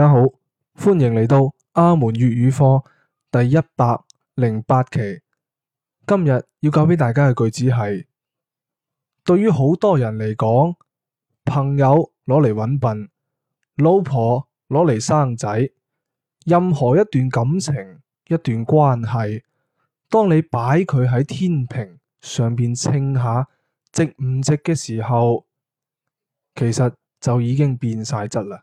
大家好，歡迎嚟到阿門粵語課第一百零八期。今日要教俾大家嘅句子係：對於好多人嚟講，朋友攞嚟揾笨，老婆攞嚟生仔，任何一段感情、一段關係，當你擺佢喺天平上邊稱下值唔值嘅時候，其實就已經變晒質啦。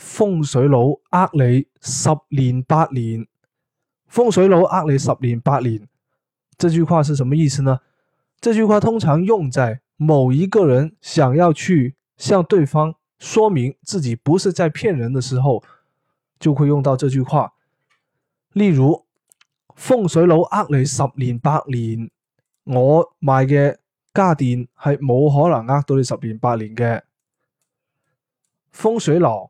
風水佬呃你十年八年，風水佬呃你十年八年，這句話是什麼意思呢？這句話通常用在某一個人想要去向對方說明自己不是在騙人的時候，就會用到這句話。例如風水佬呃你十年八年，我賣嘅家電係冇可能呃到你十年八年嘅風水佬。